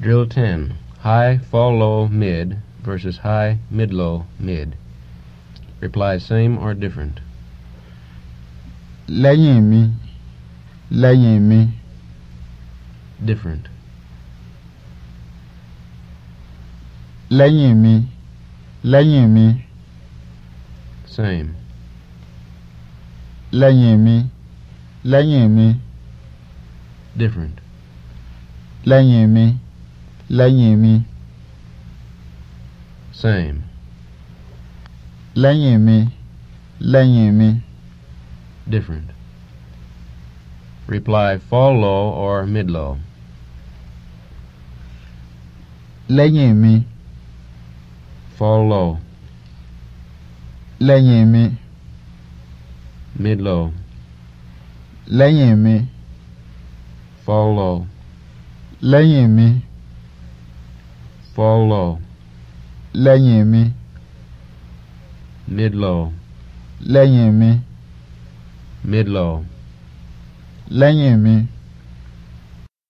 Drill 10. High, fall low, mid versus high, mid low, mid. Reply same or different. La mi. la mi. Different. La mi. la mi. Same. La mi. la mi. Different. La mi lẹ́yìn mi. same. lẹ́yìn mi lẹ́yìn mi. different. Reply follow or mid low. Lẹ́yìn mi. follow. low. Lẹ́yìn mi. Mid low. Lẹ́yìn mi. follow. low. Lẹ́yìn mi. follow lẹ́yìn mi midlow lẹ́yìn mi midlow lẹ́yìn mi.